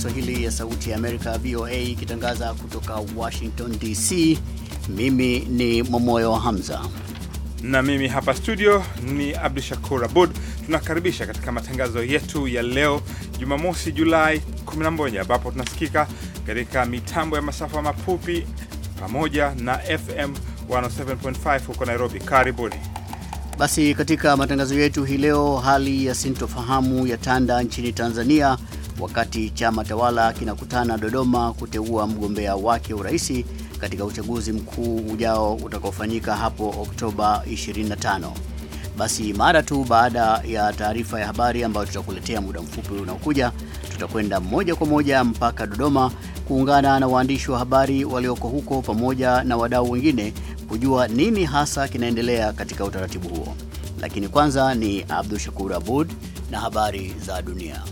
Kiswahili ya Sauti ya Amerika, VOA, ikitangaza kutoka Washington DC. Mimi ni Momoyo Hamza na mimi hapa studio ni Abdu Shakur Abud. Tunakaribisha katika matangazo yetu ya leo Jumamosi, Julai 11 ambapo tunasikika katika mitambo ya masafa mafupi pamoja na FM 107.5 huko Nairobi. Karibuni. Basi katika matangazo yetu hii leo, hali ya sintofahamu ya tanda nchini Tanzania wakati chama tawala kinakutana Dodoma kuteua mgombea wake urais katika uchaguzi mkuu ujao utakaofanyika hapo Oktoba 25. Basi mara tu baada ya taarifa ya habari ambayo tutakuletea muda mfupi unaokuja, tutakwenda moja kwa moja mpaka Dodoma kuungana na waandishi wa habari walioko huko pamoja na wadau wengine kujua nini hasa kinaendelea katika utaratibu huo. Lakini kwanza ni Abdul Shakur Abud na habari za dunia.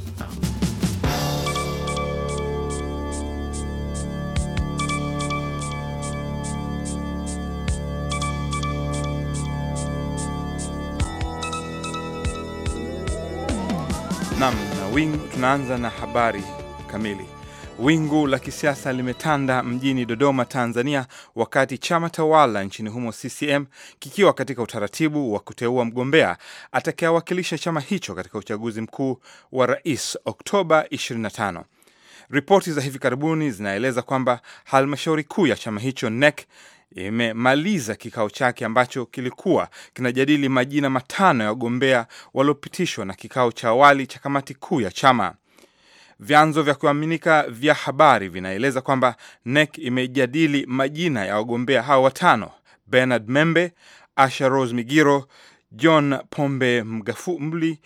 Wing, tunaanza na habari kamili. Wingu la kisiasa limetanda mjini Dodoma, Tanzania, wakati chama tawala nchini humo CCM kikiwa katika utaratibu wa kuteua mgombea atakayewakilisha chama hicho katika uchaguzi mkuu wa rais Oktoba 25. Ripoti za hivi karibuni zinaeleza kwamba halmashauri kuu ya chama hicho NEC imemaliza kikao chake ambacho kilikuwa kinajadili majina matano ya wagombea waliopitishwa na kikao cha awali cha kamati kuu ya chama. Vyanzo vya kuaminika vya habari vinaeleza kwamba NEC imejadili majina ya wagombea hao watano: Bernard Membe, Asha Rose Migiro, John Pombe Magufuli,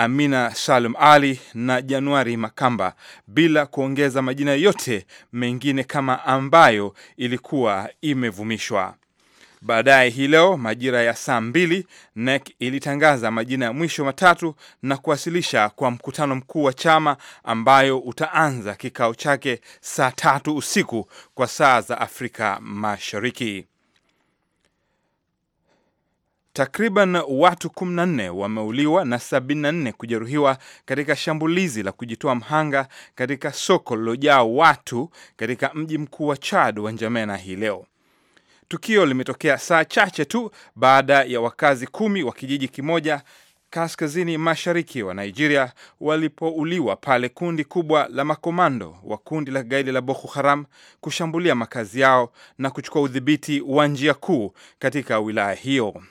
Amina Salum Ali na Januari Makamba, bila kuongeza majina yote mengine kama ambayo ilikuwa imevumishwa. Baadaye hii leo majira ya saa mbili NEC ilitangaza majina ya mwisho matatu na kuwasilisha kwa mkutano mkuu wa chama ambayo utaanza kikao chake saa tatu usiku kwa saa za Afrika Mashariki. Takriban watu 14 wameuliwa na 74 kujeruhiwa katika shambulizi la kujitoa mhanga katika soko lililojaa watu katika mji mkuu wa Chad wa Njamena hii leo. Tukio limetokea saa chache tu baada ya wakazi kumi wa kijiji kimoja kaskazini mashariki wa Nigeria walipouliwa pale kundi kubwa la makomando wa kundi la gaidi la Boko Haram kushambulia makazi yao na kuchukua udhibiti wa njia kuu katika wilaya hiyo.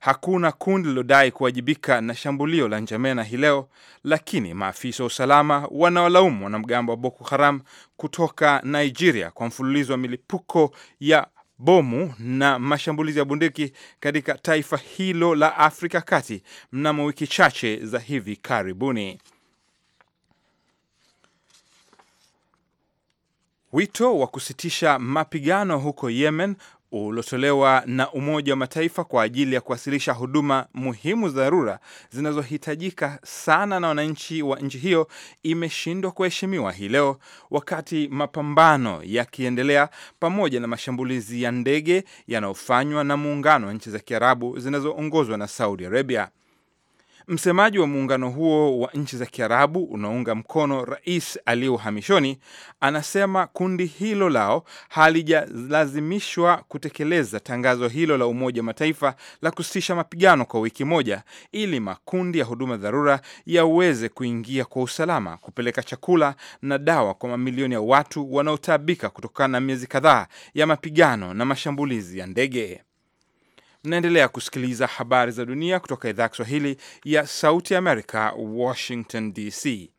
Hakuna kundi lilodai kuwajibika na shambulio la Njamena hii leo, lakini maafisa wa usalama wanawalaumu wanamgambo wa Boko Haram kutoka Nigeria kwa mfululizo wa milipuko ya bomu na mashambulizi ya bunduki katika taifa hilo la Afrika Kati mnamo wiki chache za hivi karibuni. Wito wa kusitisha mapigano huko Yemen uliotolewa na Umoja wa Mataifa kwa ajili ya kuwasilisha huduma muhimu za dharura zinazohitajika sana na wananchi wa nchi hiyo imeshindwa kuheshimiwa hii leo, wakati mapambano yakiendelea pamoja na mashambulizi ya ndege yanayofanywa na muungano wa nchi za Kiarabu zinazoongozwa na Saudi Arabia. Msemaji wa muungano huo wa nchi za Kiarabu unaunga mkono rais aliye uhamishoni anasema kundi hilo lao halijalazimishwa kutekeleza tangazo hilo la Umoja Mataifa la kusitisha mapigano kwa wiki moja ili makundi ya huduma dharura yaweze kuingia kwa usalama kupeleka chakula na dawa kwa mamilioni ya watu wanaotaabika kutokana na miezi kadhaa ya mapigano na mashambulizi ya ndege. Mnaendelea kusikiliza habari za dunia kutoka idhaa ya Kiswahili ya Sauti Amerika, Washington DC.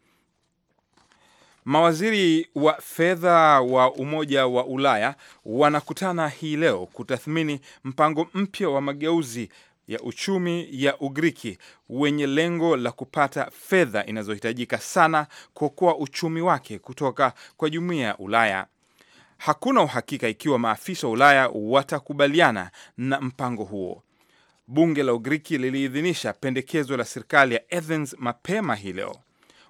Mawaziri wa fedha wa Umoja wa Ulaya wanakutana hii leo kutathmini mpango mpya wa mageuzi ya uchumi ya Ugiriki wenye lengo la kupata fedha inazohitajika sana kuokoa uchumi wake kutoka kwa jumuiya ya Ulaya hakuna uhakika ikiwa maafisa wa Ulaya watakubaliana na mpango huo. Bunge la Ugiriki liliidhinisha pendekezo la serikali ya Athens mapema hii leo.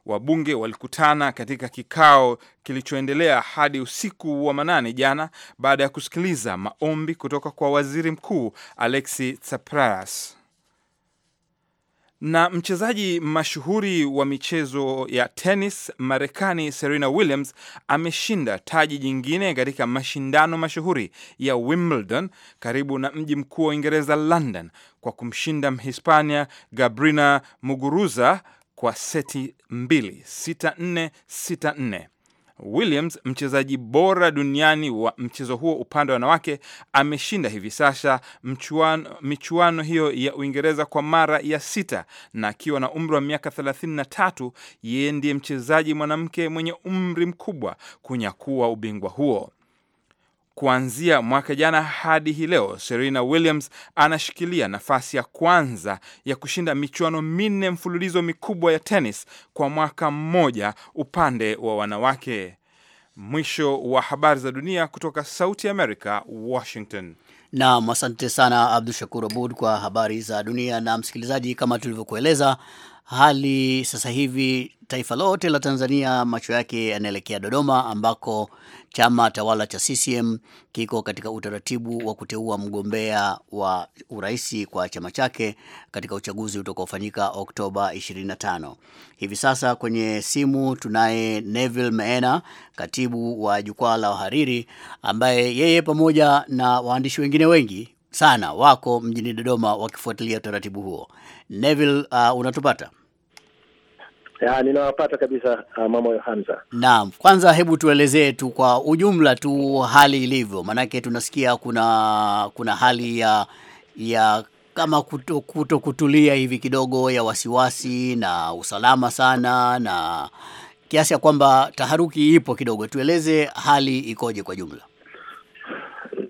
Wabunge walikutana katika kikao kilichoendelea hadi usiku wa manane jana, baada ya kusikiliza maombi kutoka kwa waziri mkuu Alexis Tsipras. Na mchezaji mashuhuri wa michezo ya tenis Marekani Serena Williams ameshinda taji jingine katika mashindano mashuhuri ya Wimbledon karibu na mji mkuu wa Uingereza London kwa kumshinda Mhispania Gabrina Muguruza kwa seti mbili, sita nne, sita nne. Williams, mchezaji bora duniani wa mchezo huo upande wa wanawake, ameshinda hivi sasa michuano hiyo ya Uingereza kwa mara ya sita, na akiwa na umri wa miaka 33 yeye ndiye mchezaji mwanamke mwenye umri mkubwa kunyakua ubingwa huo. Kuanzia mwaka jana hadi hii leo, Serena Williams anashikilia nafasi ya kwanza ya kushinda michuano minne mfululizo mikubwa ya tenis kwa mwaka mmoja upande wa wanawake. Mwisho wa habari za dunia kutoka Sauti Amerika, Washington. Naam, asante sana Abdu Shakur Abud kwa habari za dunia. Na msikilizaji, kama tulivyokueleza, hali sasa hivi taifa lote la Tanzania macho yake yanaelekea Dodoma ambako chama tawala cha CCM kiko katika utaratibu wa kuteua mgombea wa uraisi kwa chama chake katika uchaguzi utakaofanyika Oktoba 25. Hivi sasa kwenye simu tunaye Neville Meena, katibu wa jukwaa la wahariri, ambaye yeye pamoja na waandishi wengine wengi sana wako mjini Dodoma wakifuatilia utaratibu huo. Neville, uh, unatupata? Ya, ah, ninawapata kabisa uh, mama Yohanza. Naam, kwanza hebu tuelezee tu kwa ujumla tu hali ilivyo, maanake tunasikia kuna kuna hali ya ya kama kuto, kuto kutulia hivi kidogo ya wasiwasi na usalama sana na kiasi ya kwamba taharuki ipo kidogo. Tueleze hali ikoje kwa jumla.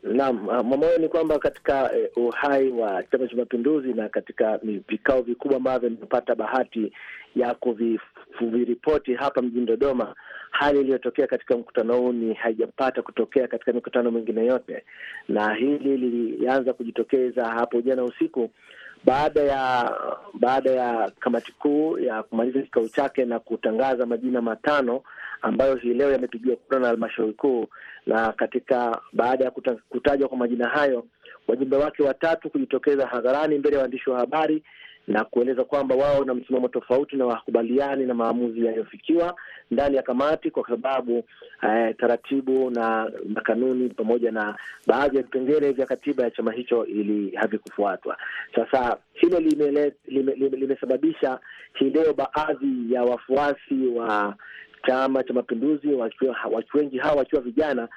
Naam, ah, mwamoyo ni kwamba katika eh, uhai wa Chama cha Mapinduzi na katika vikao vikubwa ambavyo nimepata bahati ya kuviripoti hapa mjini Dodoma. Hali iliyotokea katika mkutano huu ni haijapata kutokea katika mikutano mingine yote, na hili lilianza kujitokeza hapo jana usiku baada ya baada ya kamati kuu ya kumaliza kikao chake na kutangaza majina matano ambayo hii leo yamepigiwa kura na halmashauri kuu, na katika baada ya kutajwa kwa majina hayo, wajumbe wake watatu kujitokeza hadharani mbele ya waandishi wa habari na kueleza kwamba wao na msimamo tofauti na wakubaliani na maamuzi yaliyofikiwa ndani ya kamati, kwa sababu eh, taratibu na, na kanuni pamoja na baadhi ya vipengele vya katiba ya chama hicho ili havikufuatwa. Sasa hilo limesababisha lime, lime, lime hii leo baadhi ya wafuasi wa Chama cha Mapinduzi wakiwengi wengi hawa wakiwa vijana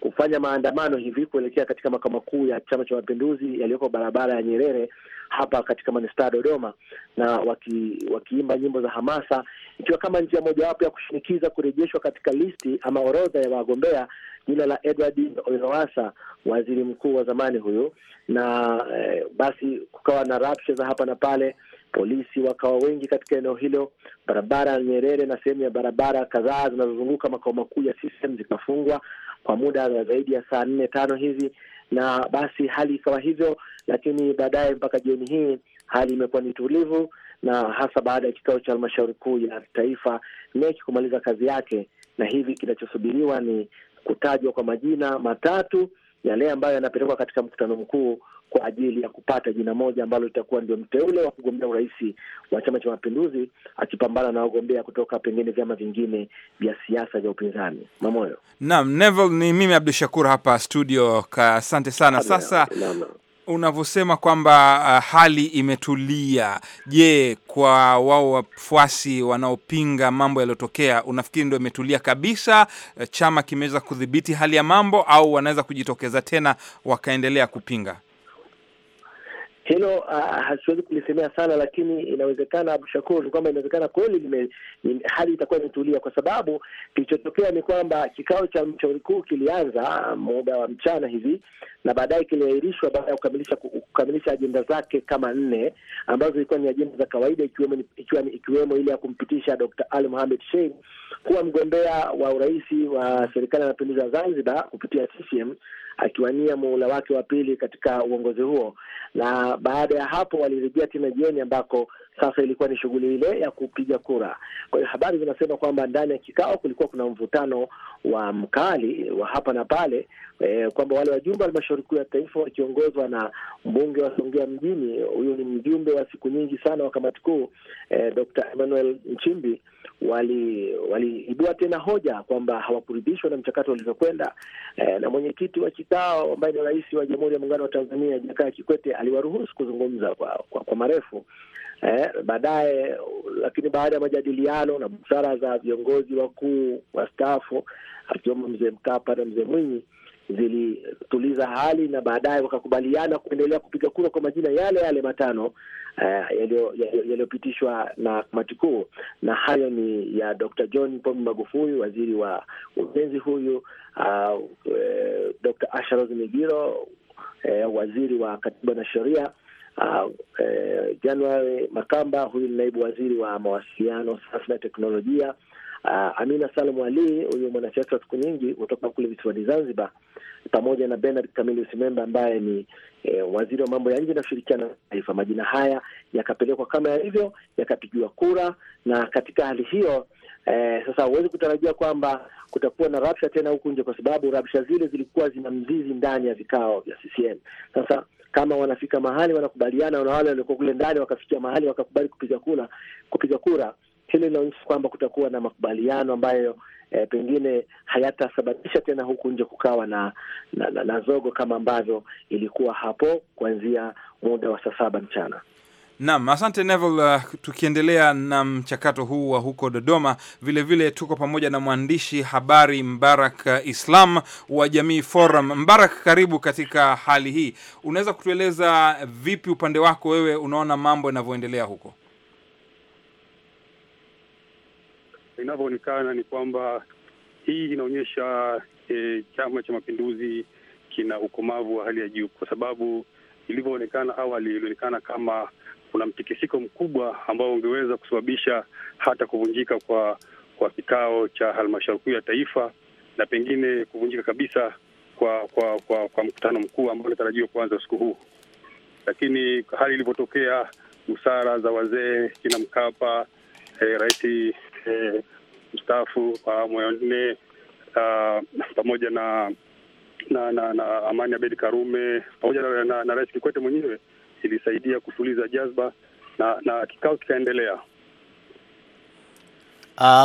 kufanya maandamano hivi kuelekea katika makao makuu ya Chama cha Mapinduzi yaliyoko barabara ya Nyerere hapa katika manispaa ya Dodoma, na waki, wakiimba nyimbo za hamasa, ikiwa kama njia mojawapo ya kushinikiza kurejeshwa katika listi ama orodha ya wagombea jina la Edward Lowassa, waziri mkuu wa zamani huyu. Na eh, basi kukawa na rabsha za hapa na pale, polisi wakawa wengi katika eneo hilo. Barabara ya Nyerere na sehemu ya barabara kadhaa zinazozunguka makao makuu ya CCM zikafungwa kwa muda wa zaidi ya saa nne tano hivi, na basi hali ikawa hivyo, lakini baadaye mpaka jioni hii hali imekuwa ni tulivu, na hasa baada ya kikao cha halmashauri kuu ya taifa nek kumaliza kazi yake, na hivi kinachosubiriwa ni kutajwa kwa majina matatu yale ambayo yanapelekwa katika mkutano mkuu kwa ajili ya kupata jina moja ambalo litakuwa ndio mteule wa kugombea urais wa Chama cha Mapinduzi, akipambana na wagombea kutoka pengine vyama vingine vya siasa vya upinzani. Mamoyo naam, Neville, ni mimi Abdu Shakur hapa studio. Asante sana. Sasa unavyosema kwamba uh, hali imetulia. Je, kwa wao wafuasi wanaopinga mambo yaliyotokea, unafikiri ndio imetulia kabisa? Uh, chama kimeweza kudhibiti hali ya mambo, au wanaweza kujitokeza tena wakaendelea kupinga? hilo uh, hasiwezi kulisemea sana, lakini inawezekana Abushakur, Shakur kwamba inawezekana kweli hali itakuwa imetulia, kwa sababu kilichotokea ni kwamba kikao cha mshauri kuu kilianza ah, muda wa mchana hivi na baadaye kiliahirishwa baada ya kukamilisha kukamilisha ajenda zake kama nne ambazo zilikuwa ni ajenda za kawaida, ikiwemo ikiwemo, ikiwemo ile ya kumpitisha Dr. Ali Mohamed Shein kuwa mgombea wa urais wa serikali ya mapinduzi ya Zanzibar kupitia CCM akiwania muhula wake wa pili katika uongozi huo, na baada ya hapo walirejea tena jioni ambako sasa ilikuwa ni shughuli ile ya kupiga kura. Kwa hiyo habari zinasema kwamba ndani ya kikao kulikuwa kuna mvutano wa mkali wa hapa na pale e, kwamba wale wajumbe wa halmashauri kuu ya taifa wakiongozwa na mbunge wa Songea mjini, huyu ni mjumbe wa siku nyingi sana wa kamati kuu e, eh, Dr. Emmanuel Nchimbi waliibua wali tena hoja kwamba hawakuridhishwa na mchakato ulivyokwenda, e, na mwenyekiti wa kikao ambaye ni rais wa Jamhuri ya Muungano wa Tanzania Jakaya Kikwete aliwaruhusu kuzungumza kwa, kwa, kwa marefu e, baadaye. Lakini baada ya majadiliano na busara za viongozi wakuu wastaafu akiwemo mzee Mkapa na mzee Mwinyi zilituliza hali na baadaye wakakubaliana kuendelea kupiga kura kwa majina yale yale matano uh, yaliyopitishwa na kamati kuu, na hayo ni ya Dr. John Pombe Magufuli, waziri wa ujenzi huyu, uh, uh, Dr. Asha Rose Migiro, uh, waziri wa katiba na sheria uh, eh, Januari Makamba, huyu ni naibu waziri wa mawasiliano, sayansi na teknolojia. Uh, Amina Salum Ali, huyu mwanasiasa wa siku nyingi kutoka kule visiwani Zanzibar, pamoja na Bernard Kamili Memba ambaye ni eh, waziri wa mambo ya nje na ushirikiano wa taifa. Majina haya yakapelekwa kama yalivyo, yakapigiwa kura, na katika hali hiyo eh, sasa huwezi kutarajia kwamba kutakuwa na rabsha tena huku nje, kwa sababu rabsha zile zilikuwa zina mzizi ndani ya vikao vya CCM. Sasa kama wanafika mahali wanakubaliana na wale waliokuwa kule ndani, wakafikia mahali wakakubali kupiga kura, kupiga kura hili linaonyesha kwamba kutakuwa na makubaliano ambayo eh, pengine hayatasababisha tena huku nje kukawa na na, na na zogo kama ambavyo ilikuwa hapo kuanzia muda wa saa saba mchana. Naam, asante Neville. Uh, tukiendelea na mchakato huu wa huko Dodoma, vilevile vile tuko pamoja na mwandishi habari Mbarak uh, Islam wa Jamii Forum. Mbarak, karibu katika hali hii. Unaweza kutueleza vipi upande wako wewe unaona mambo yanavyoendelea huko? Inavyoonekana ni kwamba hii inaonyesha eh, Chama cha Mapinduzi kina ukomavu wa hali ya juu kwa sababu ilivyoonekana awali, ilionekana kama kuna mtikisiko mkubwa ambao ungeweza kusababisha hata kuvunjika kwa kwa kikao cha halmashauri kuu ya taifa na pengine kuvunjika kabisa kwa kwa kwa, kwa mkutano mkuu ambao unatarajiwa kuanza usiku huu. Lakini hali ilivyotokea, busara za wazee kina Mkapa, eh, rais eh, mstaafu wa awamu ya nne, uh, pamoja na na na, na Amani Abedi Karume pamoja na, na, na Rais Kikwete mwenyewe ilisaidia kutuliza jazba na, na kikao kikaendelea. Uh,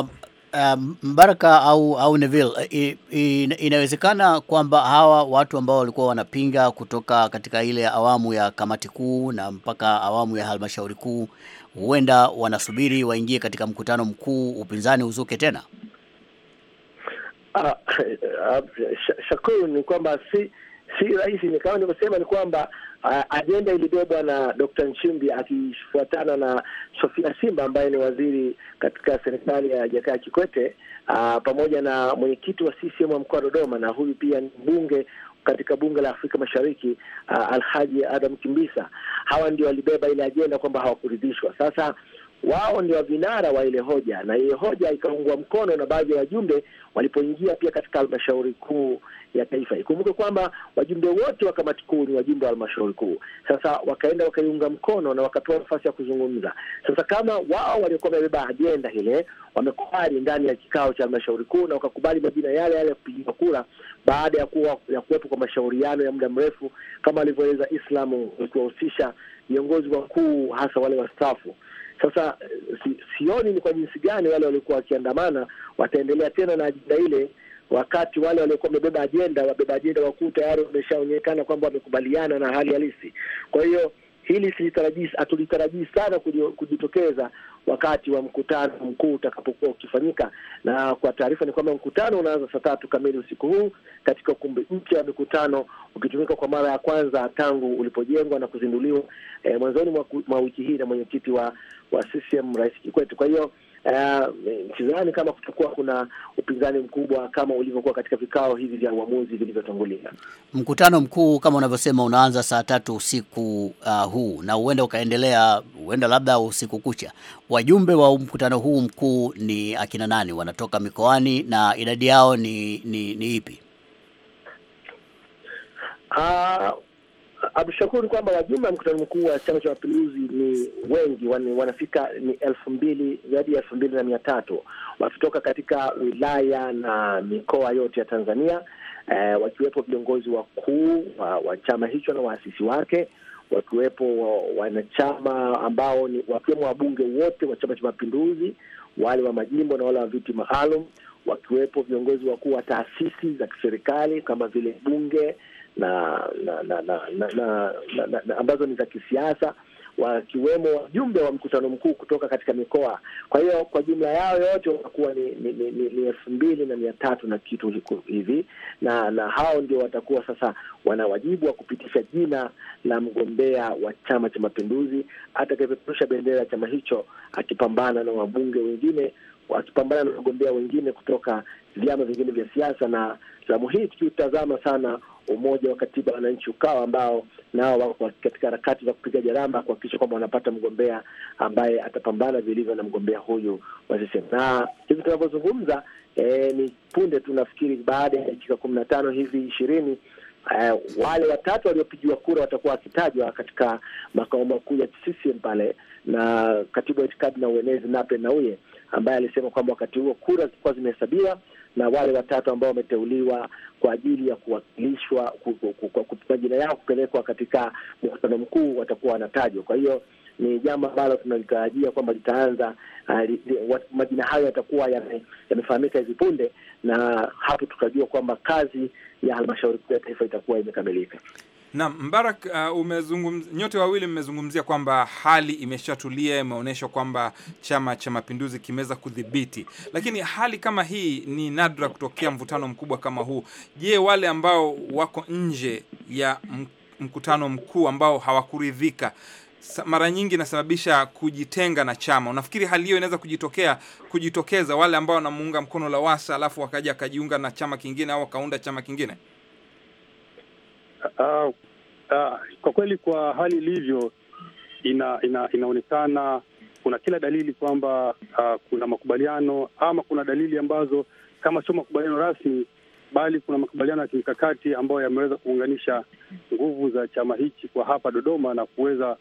uh, Mbaraka au au Neville, in, inawezekana kwamba hawa watu ambao walikuwa wanapinga kutoka katika ile awamu ya kamati kuu na mpaka awamu ya halmashauri kuu huenda wanasubiri waingie katika mkutano mkuu, upinzani uzuke tena. Ah, ah, shakuru ni kwamba si si rahisi. Ni kama nilivyosema, ni kwamba ah, ajenda ilibebwa na dokta Nchimbi akifuatana na Sofia Simba ambaye ni waziri katika serikali ya Jakaya Kikwete, pamoja na mwenyekiti wa CCM wa mkoa wa Dodoma, na huyu pia ni mbunge katika bunge la Afrika Mashariki Alhaji Adam Kimbisa. Hawa ndio walibeba ile ajenda kwamba hawakuridhishwa. Sasa wao ndio vinara wa ile hoja, na ile hoja ikaungwa mkono na baadhi ya wajumbe walipoingia pia katika halmashauri kuu ya taifa. Ikumbuke kwamba wajumbe wote wa kamati kuu ni wajumbe wa halmashauri kuu. Sasa wakaenda wakaiunga mkono na wakapewa nafasi ya kuzungumza. Sasa kama wao waliokuwa wamebeba ajenda ile wamekubali ndani ya kikao cha halmashauri kuu na wakakubali majina yale yale ya kupigiwa kura, baada ya kuwa ya kuwepo kwa mashauriano ya muda mrefu, kama alivyoeleza Islamu, kuwahusisha viongozi wakuu, hasa wale wastafu sasa eh, si, sioni ni kwa jinsi gani wale waliokuwa wakiandamana wataendelea tena na ajenda ile, wakati wale waliokuwa wamebeba ajenda, wabeba ajenda wakuu tayari wameshaonyekana kwamba wamekubaliana na hali halisi. Kwa hiyo hili hatulitarajii sana kujitokeza wakati wa mkutano mkuu utakapokuwa ukifanyika. Na kwa taarifa ni kwamba mkutano unaanza saa tatu kamili usiku huu katika ukumbi mpya wa mikutano ukitumika kwa mara ya kwanza tangu ulipojengwa na kuzinduliwa eh, mwanzoni mwa wiki hii na mwenyekiti wa wa CCM Rais Kikwete. Kwa hiyo Eh, sidhani uh, kama kutakuwa kuna upinzani mkubwa kama ulivyokuwa katika vikao hivi vya uamuzi vilivyotangulia. Mkutano mkuu kama unavyosema unaanza saa tatu usiku uh, huu na huenda ukaendelea, huenda labda usiku kucha. Wajumbe wa mkutano huu mkuu ni akina nani? Wanatoka mikoani na idadi yao ni, ni, ni ipi? Uh, ni kwamba wajumbe wa mkutano mkuu wa Chama cha Mapinduzi ni wengi wan, wanafika ni elfu mbili zaidi ya elfu mbili na mia tatu wakitoka katika wilaya na mikoa yote ya Tanzania eh, wakiwepo viongozi wakuu wa, wa chama hicho na waasisi wake wakiwepo wa, wanachama ambao ni wakiwemo wabunge wote wa Chama cha Mapinduzi, wale wa majimbo na wale wa viti maalum, wakiwepo viongozi wakuu wa taasisi za kiserikali kama vile bunge na na na na, na, na, na, na ambazo ni za kisiasa wakiwemo wajumbe wa mkutano mkuu kutoka katika mikoa. Kwa hiyo kwa jumla yao yote watakuwa ni ni, ni, ni elfu mbili na mia tatu na kitu hivi, na na hao ndio watakuwa sasa wana wajibu wa kupitisha jina la mgombea wa Chama cha Mapinduzi atakayepeperusha bendera ya chama hicho akipambana na wabunge wengine wakipambana na wagombea wengine kutoka vyama vingine vya siasa. Na zamu hii tukiutazama sana umoja wa katiba wananchi UKAWA ambao nao wako katika harakati za kupiga jaramba kuhakikisha kwamba wanapata mgombea ambaye atapambana vilivyo na mgombea huyu wa CCM. Na hivi tunavyozungumza, e, ni punde tu nafikiri baada ya dakika kumi na tano hivi ishirini Uh, wale watatu waliopigiwa kura watakuwa wakitajwa katika makao makuu ya CCM pale, na katibu wa itikadi na uenezi Nape nauye ambaye alisema kwamba wakati huo kura zilikuwa zimehesabiwa na wale watatu ambao wameteuliwa kwa ajili ya kuwakilishwa majina yao kupelekwa katika mkutano mkuu watakuwa wanatajwa. Kwa hiyo ni jambo ambalo tunalitarajia kwamba litaanza. Uh, majina hayo yatakuwa yamefahamika hivi punde, na hapo tutajua kwamba kazi ya halmashauri kuu ya taifa itakuwa imekamilika. Na Mbarak, uh, umezungumz... nyote wawili mmezungumzia kwamba hali imeshatulia, imeonyeshwa kwamba Chama cha Mapinduzi kimeweza kudhibiti, lakini hali kama hii ni nadra kutokea mvutano mkubwa kama huu. Je, wale ambao wako nje ya mkutano mkuu ambao hawakuridhika mara nyingi inasababisha kujitenga na chama. Unafikiri hali hiyo inaweza kujitokea kujitokeza wale ambao wanamuunga mkono lawasa alafu wakaja akajiunga na chama kingine au wakaunda chama kingine? Uh, uh, kwa kweli kwa hali ilivyo ina, ina, inaonekana kuna kila dalili kwamba uh, kuna makubaliano ama kuna dalili ambazo kama sio makubaliano rasmi bali kuna makubaliano ya kimkakati ambayo yameweza kuunganisha nguvu za chama hichi kwa hapa Dodoma na kuweza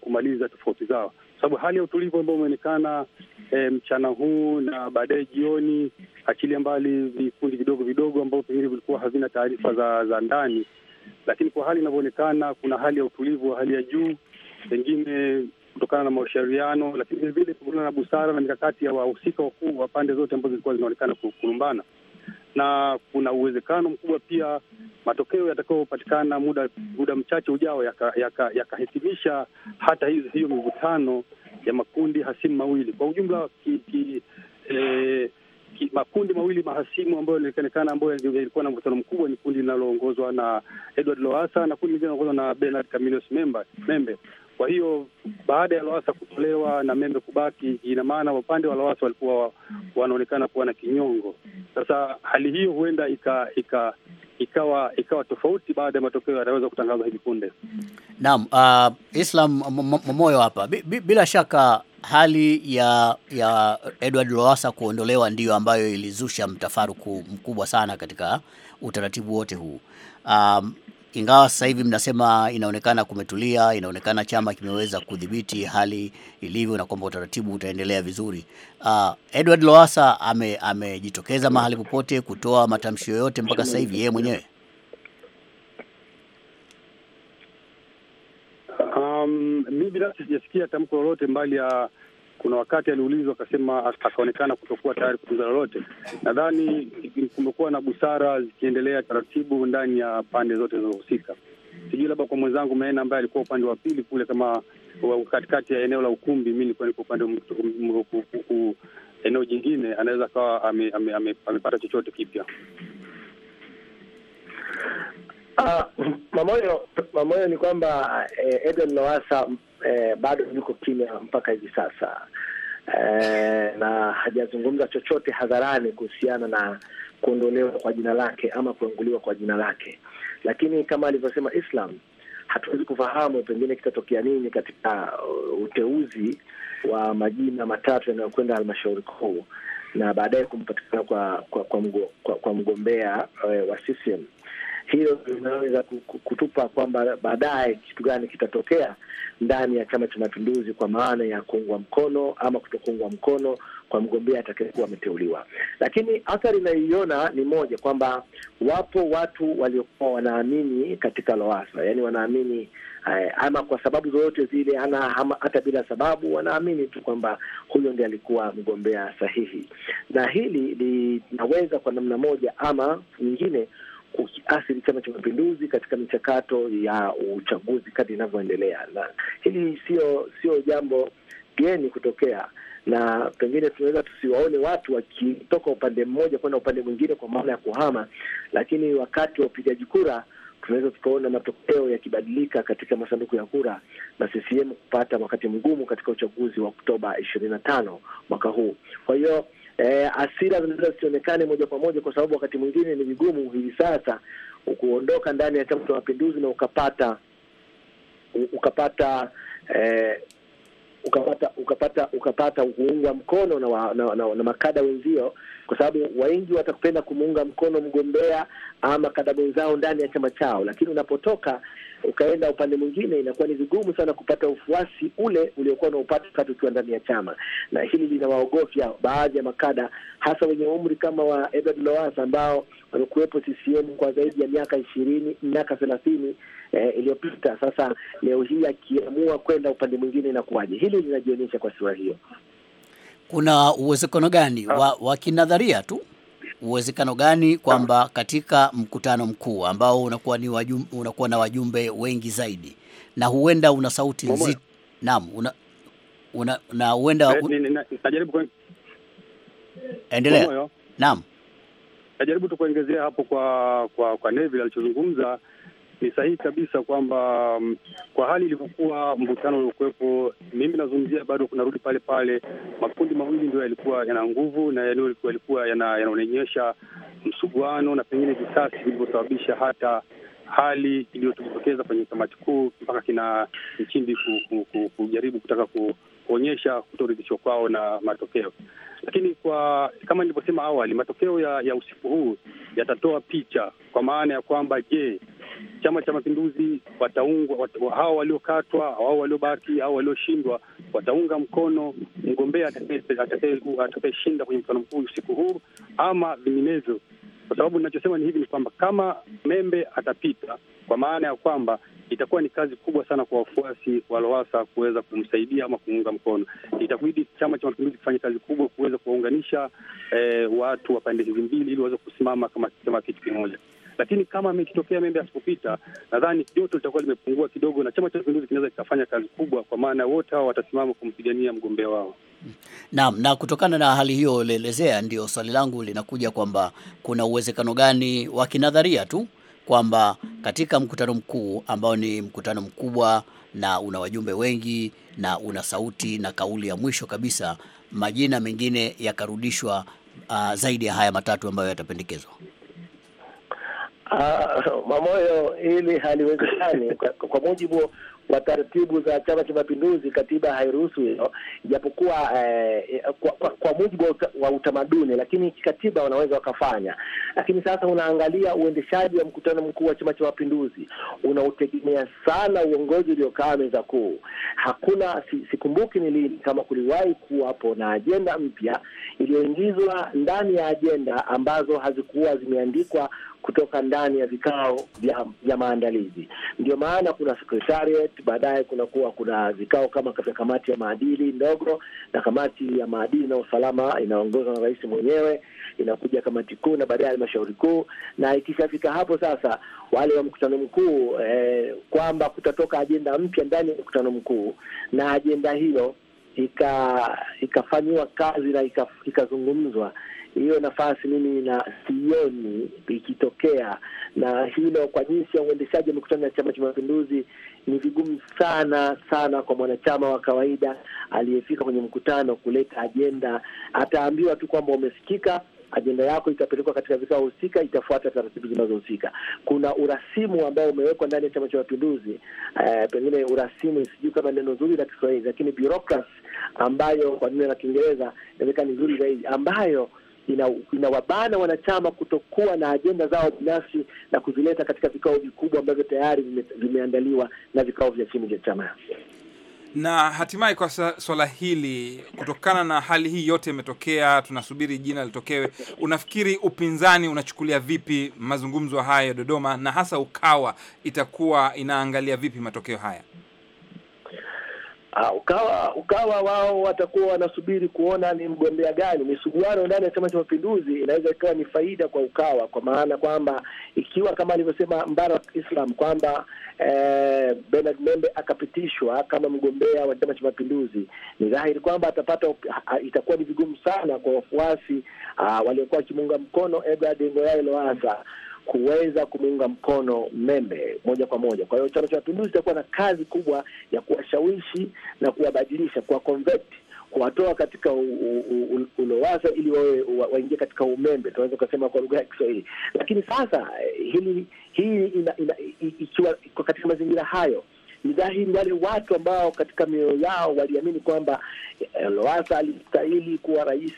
kumaliza tofauti zao, sababu hali ya utulivu ambayo umeonekana e, eh, mchana huu na baadaye jioni, achilia mbali vikundi vidogo vidogo ambavyo pengine vilikuwa havina taarifa za, za ndani lakini kwa hali inavyoonekana, kuna hali ya utulivu wa hali ya juu, pengine kutokana na mashauriano, lakini vilevile kutokana na busara na mikakati ya wahusika wakuu wa pande zote ambazo zilikuwa zinaonekana kulumbana, na kuna uwezekano mkubwa pia matokeo yatakayopatikana muda muda mchache ujao yakahitimisha yaka, yaka hata hizi hiyo mivutano ya makundi hasimu mawili kwa ujumla ki, ki, eh, makundi mawili mahasimu ambayo yalionekana ambayo yalikuwa na mvutano mkubwa ni kundi linaloongozwa na Edward loasa na kundi lingine linaloongozwa na Bernard Camillus Membe. Kwa hiyo baada ya loasa kutolewa na Membe kubaki, ina maana upande wa loasa walikuwa wanaonekana kuwa na kinyongo. Sasa hali hiyo huenda ika, ika ikawa ikawa tofauti baada ya matokeo yanaweza kutangazwa hivi punde. Naam, uh, Islam Momoyo hapa. Bila shaka hali ya, ya Edward Lowassa kuondolewa ndiyo ambayo ilizusha mtafaruku mkubwa sana katika utaratibu wote huu. Um, ingawa sasa hivi mnasema inaonekana kumetulia, inaonekana chama kimeweza kudhibiti hali ilivyo na kwamba utaratibu utaendelea vizuri. Uh, Edward Lowassa amejitokeza ame mahali popote kutoa matamshi yoyote mpaka sasa hivi yeye mwenyewe mi binafsi sijasikia tamko lolote mbali ya kuna wakati aliulizwa akasema, akaonekana kutokuwa tayari kuzungumza lolote. Nadhani kumekuwa na busara zikiendelea taratibu ndani ya pande zote zinazohusika. Sijui labda kwa mwenzangu Maena ambaye alikuwa upande wa pili kule, kama katikati ya eneo la ukumbi, mi nilikuwa niko upande eneo jingine, anaweza akawa amepata ame, ame, ame chochote kipya. Ah, mamoyo mamoyo ni kwamba eh, Eden Lowasa eh, bado yuko kimya mpaka hivi sasa eh, na hajazungumza chochote hadharani kuhusiana na kuondolewa kwa jina lake ama kuanguliwa kwa jina lake, lakini kama alivyosema Islam, hatuwezi kufahamu pengine kitatokea nini katika uh, uteuzi wa majina matatu yanayokwenda halmashauri kuu na baadaye kumpatikana kwa kwa, kwa, mgo, kwa, kwa mgombea uh, wa CCM hilo linaweza kutupa kwamba baadaye kitu gani kitatokea ndani ya Chama cha Mapinduzi kwa maana ya kuungwa mkono ama kutokuungwa mkono kwa mgombea atakayekuwa ameteuliwa. Lakini athari inayoiona ni moja, kwamba wapo watu waliokuwa wanaamini katika loasa yani wanaamini eh, ama kwa sababu zozote zile, ana hata bila sababu, wanaamini tu kwamba huyo ndi alikuwa mgombea sahihi, na hili linaweza kwa namna moja ama nyingine ukiathiri Chama cha Mapinduzi katika michakato ya uchaguzi kadri inavyoendelea, na hili sio sio jambo geni kutokea na pengine tunaweza tusiwaone watu wakitoka upande mmoja kwenda upande mwingine kwa maana ya kuhama, lakini wakati wa upigaji kura tunaweza tukaona matokeo yakibadilika katika masanduku ya kura na CCM kupata wakati mgumu katika uchaguzi wa Oktoba ishirini na tano mwaka huu. Kwa hiyo eh, asira zinaweza zisionekane moja kwa moja, kwa sababu wakati mwingine ni vigumu hivi sasa kuondoka ndani ya Chama cha Mapinduzi na ukapata ukapata eh, ukapata ukapata ukapata kuungwa mkono na, wa, na, na, na makada wenzio kwa sababu wengi watakupenda kumuunga mkono mgombea ama kadabo zao ndani ya chama chao, lakini unapotoka ukaenda upande mwingine, inakuwa ni vigumu sana kupata ufuasi ule uliokuwa unaupata wakati ukiwa ndani ya chama, na hili linawaogofya baadhi ya makada, hasa wenye umri kama wa Edward Lowassa ambao wamekuwepo CCM kwa zaidi ya miaka ishirini, miaka thelathini eh, iliyopita. Sasa leo hii akiamua kwenda upande mwingine inakuwaje? Hili linajionyesha kwa sura hiyo kuna uwezekano gani wa, ah. wa kinadharia tu uwezekano gani kwamba ah. katika mkutano mkuu ambao unakuwa ni wajumbe, unakuwa na wajumbe wengi zaidi na huenda una sauti nzito naam una, una, na huenda eh, najaribu endelea naam najaribu tu kuongezea hapo kwa kwa, kwa Neville alichozungumza ni sahihi kabisa kwamba um, kwa hali ilivyokuwa, mvutano uliokuwepo, mimi nazungumzia bado kunarudi pale pale, makundi mawili ndio yalikuwa yana nguvu na yalikuwa yanaonyesha yana msuguano na pengine visasi vilivyosababisha hata hali iliyotokeza kwenye kamati kuu mpaka kina Nchimbi kujaribu kutaka ku, kuonyesha kutoridhishwa kwao na matokeo. Lakini kwa kama nilivyosema awali, matokeo ya, ya usiku huu yatatoa picha, kwa maana ya kwamba je, Chama cha Mapinduzi wataungwa wat, hao waliokatwa au waliobaki au walioshindwa wataunga mkono mgombea atakayeshinda kwenye mkutano mkuu usiku huu ama vinginevyo? Kwa sababu ninachosema ni hivi, ni kwamba kama Membe atapita, kwa maana ya kwamba itakuwa ni kazi kubwa sana kwa wafuasi wa Lowasa kuweza kumsaidia ama kuunga mkono. Itabidi Chama cha Mapinduzi kifanya kazi kubwa kuweza kuwaunganisha eh, watu wa pande hizi mbili ili waweze kusimama kama, kama kitu kimoja lakini kama amekitokea Membe asipopita, nadhani joto litakuwa limepungua kidogo, na Chama cha Mapinduzi kinaweza kikafanya kazi kubwa, kwa maana wote hao watasimama kumpigania mgombea wao. Naam, na kutokana na hali hiyo ulielezea, ndio swali langu linakuja kwamba kuna uwezekano gani wa kinadharia tu kwamba katika mkutano mkuu ambao ni mkutano mkubwa na una wajumbe wengi na una sauti na kauli ya mwisho kabisa, majina mengine yakarudishwa uh, zaidi ya haya matatu ambayo yatapendekezwa. Uh, ah, Mamoyo, hili haliwezekani kwa, kwa mujibu kwa taratibu za Chama cha Mapinduzi katiba hairuhusu hilo, japokuwa eh, eh kwa, kwa, kwa mujibu wa utamaduni, lakini kikatiba wanaweza wakafanya. Lakini sasa unaangalia uendeshaji wa mkutano mkuu wa Chama cha Mapinduzi unautegemea sana uongozi uliokaa meza kuu. Hakuna si, sikumbuki ni lini kama kuliwahi kuwapo na ajenda mpya iliyoingizwa ndani ya ajenda ambazo hazikuwa zimeandikwa kutoka ndani ya vikao vya maandalizi. Ndio maana kuna secretariat, baadaye kunakuwa kuna vikao kama vya kamati ya maadili ndogo, na kamati ya maadili na usalama inaongozwa na rais mwenyewe, inakuja kamati kuu na baadaye halmashauri kuu, na ikishafika hapo sasa wale wa mkutano mkuu eh, kwamba kutatoka ajenda mpya ndani ya mkutano mkuu na ajenda hiyo ikafanyiwa ika kazi na ikazungumzwa hiyo nafasi mimi na sioni ikitokea, na hilo kwa jinsi ya uendeshaji wa mikutano ya Chama cha Mapinduzi ni vigumu sana sana kwa mwanachama wa kawaida aliyefika kwenye mkutano kuleta ajenda. Ataambiwa tu kwamba umesikika ajenda yako itapelekwa katika vikao husika, itafuata taratibu zinazohusika. Kuna urasimu ambao umewekwa ndani ya Chama cha Mapinduzi. e, pengine urasimu, sijui kama neno zuri la Kiswahili, lakini bureaucracy ambayo kwa neno la Kiingereza inawezekana ni zuri zaidi, ambayo inawabana ina wanachama kutokuwa na ajenda zao binafsi na kuzileta katika vikao vikubwa ambavyo tayari vimeandaliwa na vikao vya chini vya chama. Na hatimaye kwa swala hili, kutokana na hali hii yote imetokea, tunasubiri jina litokewe. Unafikiri upinzani unachukulia vipi mazungumzo haya ya Dodoma, na hasa Ukawa itakuwa inaangalia vipi matokeo haya? Ha, ah, ukawa ukawa wao watakuwa wanasubiri kuona ni mgombea gani. Misuguano ndani ya Chama cha Mapinduzi inaweza ikawa ni faida kwa Ukawa, kwa maana kwamba ikiwa kama alivyosema Mbarak Islam kwamba eh, Bernard Membe akapitishwa kama mgombea wa Chama cha Mapinduzi, ni dhahiri kwamba atapata, itakuwa ni vigumu sana kwa wafuasi ah, waliokuwa wakimuunga mkono Edward Ngoyai Lowassa kuweza kumuunga mkono Membe moja kwa moja. Kwa hiyo Chama cha Mapinduzi itakuwa na kazi kubwa ya kuwashawishi na kuwabadilisha, kuwakonvert, kuwatoa katika ulowasa ili wawe waingie katika umembe, tunaweza ukasema kwa lugha ya Kiswahili. Lakini sasa eh, hili hii ikiwa ina, katika mazingira hayo ni dhahiri wale watu ambao katika mioyo yao waliamini kwamba eh, Lowasa alistahili kuwa rais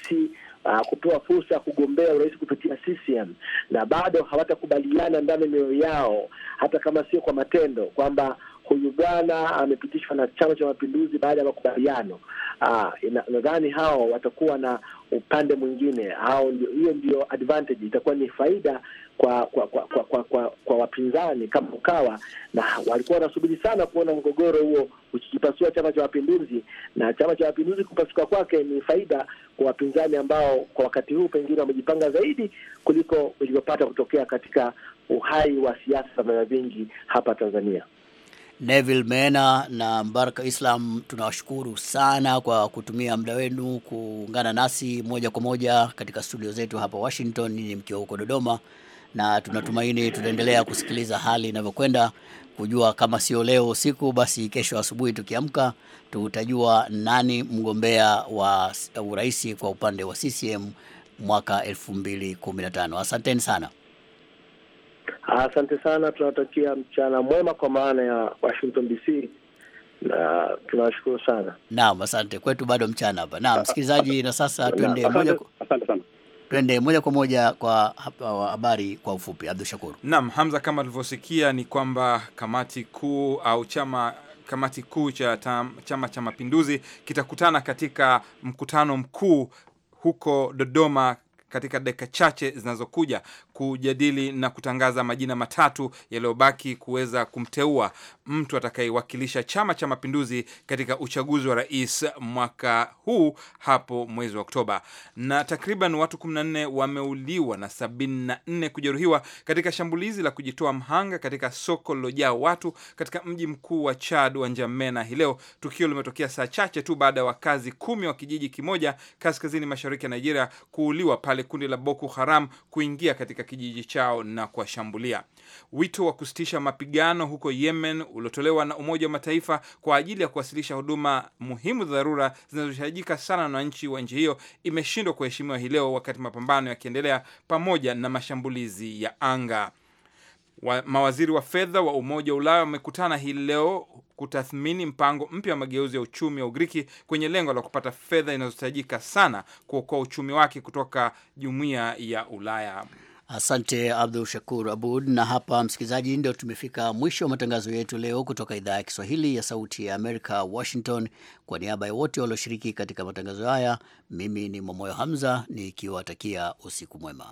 uh, kupewa fursa ya kugombea urais kupitia CCM na bado hawatakubaliana ndani mioyo yao, hata kama sio kwa matendo, kwamba huko Uganda amepitishwa na Chama cha Mapinduzi baada ya makubaliano. Ah, nadhani hao watakuwa na upande mwingine, hao hiyo ndio advantage, itakuwa ni faida kwa kwa kwa, kwa, kwa, kwa, kwa wapinzani kama Ukawa, na walikuwa wanasubiri sana kuona mgogoro huo ukipasua Chama cha Mapinduzi, na Chama cha Mapinduzi kupasuka kwake ni faida kwa wapinzani ambao kwa wakati huu pengine wamejipanga zaidi kuliko ilivyopata kutokea katika uhai wa siasa za vyama vingi hapa Tanzania. Neville Mena na Mbaraka Islam, tunawashukuru sana kwa kutumia muda wenu kuungana nasi moja kwa moja katika studio zetu hapa Washington, ni mkiwa huko Dodoma, na tunatumaini tutaendelea kusikiliza hali inavyokwenda, kujua kama sio leo usiku, basi kesho asubuhi tukiamka, tutajua nani mgombea wa urais kwa upande wa CCM mwaka 2015. Asanteni sana. Asante sana, tunawatakia mchana mwema kwa maana ya Washington DC na tunawashukuru sana. Naam, asante. Kwetu bado mchana hapa. Naam, msikilizaji, na sasa tuende moja asante sana tuende moja kwa moja kwa habari kwa ufupi. abdu Shakur. Naam, Hamza, kama tulivyosikia ni kwamba kamati kuu au chama kamati kuu cha tam, Chama cha Mapinduzi kitakutana katika mkutano mkuu huko Dodoma katika dakika chache zinazokuja kujadili na kutangaza majina matatu yaliyobaki kuweza kumteua mtu atakayewakilisha Chama cha Mapinduzi katika uchaguzi wa rais mwaka huu hapo mwezi wa Oktoba. Na takriban watu 14 wameuliwa na 74 kujeruhiwa katika shambulizi la kujitoa mhanga katika soko lilojaa watu katika mji mkuu wa Chad wa Njamena hii leo. Tukio limetokea saa chache tu baada ya wakazi kumi wa kijiji kimoja kaskazini mashariki ya Nigeria kuuliwa pale kundi la Boko Haram kuingia katika kijiji chao na kuwashambulia. Wito wa kusitisha mapigano huko Yemen uliotolewa na Umoja wa Mataifa kwa ajili ya kuwasilisha huduma muhimu za dharura zinazohitajika sana na wananchi wa nchi hiyo imeshindwa kuheshimiwa hii leo, wakati mapambano yakiendelea pamoja na mashambulizi ya anga. Wa, mawaziri wa fedha wa Umoja wa Ulaya wamekutana hii leo kutathmini mpango mpya wa mageuzi ya uchumi wa Ugiriki kwenye lengo la kupata fedha inazohitajika sana kuokoa uchumi wake kutoka jumuiya ya Ulaya. Asante Abdul Shakur Abud. Na hapa, msikilizaji, ndio tumefika mwisho wa matangazo yetu leo kutoka idhaa ya Kiswahili ya Sauti ya Amerika, Washington. Kwa niaba ya wote walioshiriki katika matangazo haya, mimi ni Momoyo Hamza nikiwatakia usiku mwema.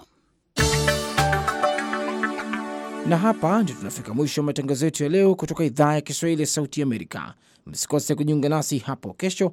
Na hapa ndio tunafika mwisho wa matangazo yetu ya leo kutoka idhaa ya Kiswahili ya Sauti Amerika. Msikose kujiunga nasi hapo kesho